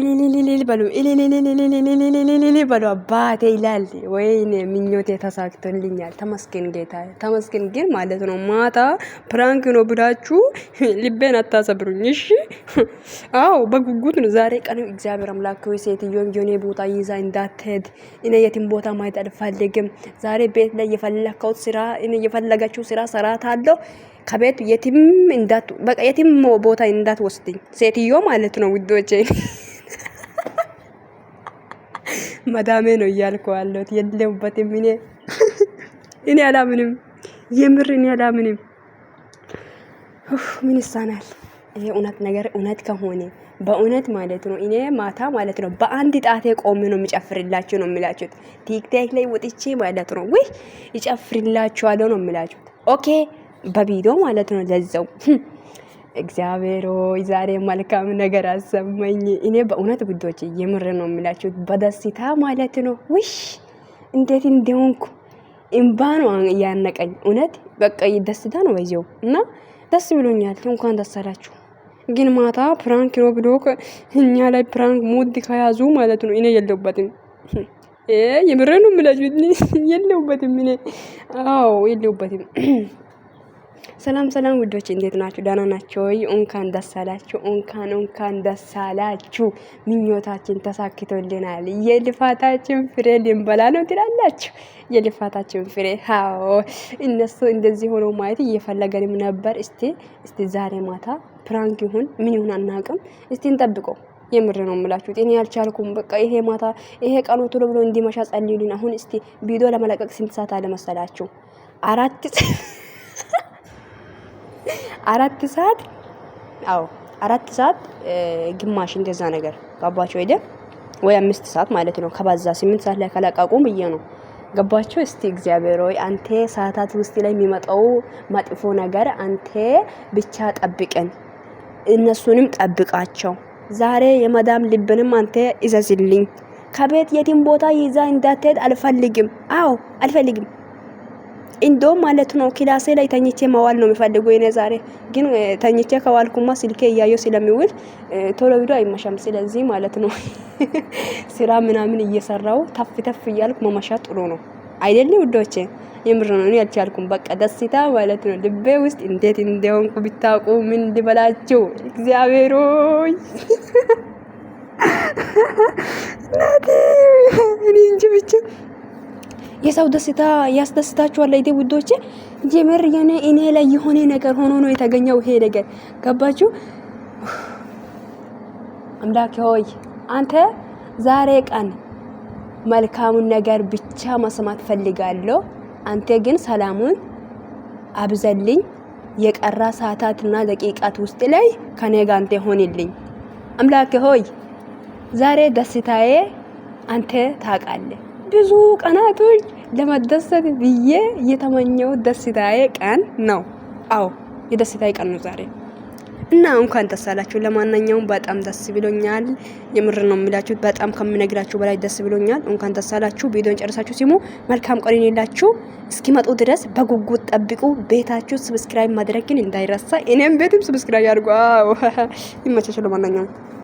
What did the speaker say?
እልልልልል በሉ እልልልልልልልልል በሉ አባቴ ይላል። ወይኔ ምኞቴ ተሳክቶልኛል። ተመስገን ጌታ ተመስገን። ግን ማለት ነው ማታ ፕራንክ ነው ብላችሁ ልቤን አታሰብሩኝ። እሺ፣ አዎ በጉጉት ነው ዛሬ ቀን። እግዚአብሔር አምላክ ሆይ ሴትዮን የሆነ ቦታ ይዛ እንዳትሄድ። እኔ የትም ቦታ ማየት አልፈልግም። ዛሬ ቤት ላይ የፈለከው ስራ እኔ የፈለጋችሁ ስራ ሰራታለሁ። ከቤት የትም እንዳት በቃ የትም ቦታ እንዳትወስድኝ ሴትዮ ማለት ነው ውዶቼ መዳሜ ነው እያልኩ አለሁት። የለሁበትም። እኔ እኔ አላምንም፣ የምር እኔ አላምንም። ምን ይሳናል? ይሄ እውነት ነገር እውነት ከሆነ በእውነት ማለት ነው። እኔ ማታ ማለት ነው በአንድ ጣቴ ቆሜ ነው የሚጨፍርላችሁ ነው የሚላችሁት። ቲክታክ ላይ ወጥቼ ማለት ነው ወይ ይጨፍርላችኋለሁ ነው የሚላችሁት። ኦኬ በቪዲዮ ማለት ነው ለዘው እግዚአብሔር ሆይ ዛሬ መልካም ነገር አሰማኝ። እኔ በእውነት ውዶች የምር ነው የሚላችሁ በደስታ ማለት ነው። ውሽ እንዴት እንደሆንኩ እምባ ነው እያነቀኝ። እውነት በቃ ደስታ ነው ወይዘው እና ደስ ብሎኛል። እንኳን ደስ አላችሁ። ግን ማታ ፕራንክ ነው ብሎ እኛ ላይ ፕራንክ ሙድ ከያዙ ማለት ነው እኔ የለሁበትም የምረኑ ምላጅ የለውበትም። እኔ አዎ የለውበትም ሰላም ሰላም ውዶች እንዴት ናችሁ? ደህና ናችሁ ወይ? እንኳን ደስ አላችሁ። እንኳን እንኳን ደስ አላችሁ። ምኞታችን ተሳክቶልናል። የልፋታችን ፍሬ ልንበላ ነው ትላላችሁ። የልፋታችን ፍሬ አዎ፣ እነሱ እንደዚህ ሆኖ ማየት እየፈለገንም ነበር። እስቲ እስቲ ዛሬ ማታ ፕራንክ ይሁን ምን ይሁን አናውቅም። እስቲ እንጠብቀው። የምር ነው የምላችሁት። እኔ ያልቻልኩም በቃ ይሄ ማታ ይሄ ቀኑ ቶሎ ብሎ እንዲመሻ ጸልዩልን። አሁን እስቲ ቪዲዮ ለመለቀቅ ስንት ሰዓት አራት አራት ሰዓት አዎ አራት ሰዓት ግማሽ እንደዛ ነገር ገባቸው ሄደ ወይ አምስት ሰዓት ማለት ነው። ከባዛ ስምንት ሰዓት ላይ ካላቃቁም ብዬ ነው ገባቸው። እስቲ እግዚአብሔር ሆይ አንተ ሰዓታት ውስጥ ላይ የሚመጣው መጥፎ ነገር አንተ ብቻ ጠብቀን፣ እነሱንም ጠብቃቸው። ዛሬ የመዳም ልብንም አንተ እዘዝልኝ። ከቤት የትም ቦታ ይዛ እንዳትሄድ አልፈልግም። አዎ አልፈልግም። እንደውም ማለት ነው ክላሴ ላይ ተኝቼ መዋል ነው የሚፈልገው የኔ ዛሬ ግን ተኝቼ ከዋልኩማ ስልኬ እያየው ስለሚውል ቶሎ ቪዲዮ አይመሻም። ስለዚህ ማለት ነው ስራ ምናምን እየሰራው ተፍ ተፍ እያልኩ መመሻ ጥሩ ነው አይደለም ውዶቼ? የምር ነው እኔ በቃ ደስታ ማለት ነው ልቤ ውስጥ እንዴት እንደሆንኩ ብታውቁ ምን ልበላችሁ እግዚአብሔር ሆይ ናቴ እኔ እንጂ ብቻ የሰው ደስታ ያስደስታችኋል አይደል ውዶቼ? የምር የኔ እኔ ላይ የሆነ ነገር ሆኖ ነው የተገኘው ይሄ ነገር ገባችሁ? አምላክ ሆይ አንተ ዛሬ ቀን መልካሙን ነገር ብቻ መስማት ፈልጋለሁ። አንተ ግን ሰላሙን አብዘልኝ። የቀራ ሰዓታትና ደቂቃት ውስጥ ላይ ከኔ ጋር አንተ ሆንልኝ። አምላክ ሆይ ዛሬ ደስታዬ አንተ ታውቃለህ። ብዙ ቀናቶች ለመደሰት ብዬ የተመኘው ደስታዬ ቀን ነው። አዎ የደስታዬ ቀን ነው ዛሬ እና እንኳን ደስ አላችሁ። ለማንኛውም በጣም ደስ ብሎኛል። የምር ነው የሚላችሁት፣ በጣም ከምነግራችሁ በላይ ደስ ብሎኛል። እንኳን ደስ አላችሁ። ቪዲዮን ጨርሳችሁ ሲሙ መልካም ቀን የላችሁ እስኪመጡ ድረስ በጉጉት ጠብቁ። ቤታችሁ ስብስክራይብ ማድረግን እንዳይረሳ። እኔም ቤትም ስብስክራይብ አድርጉ። ይመቻችሁ። ለማናኛውም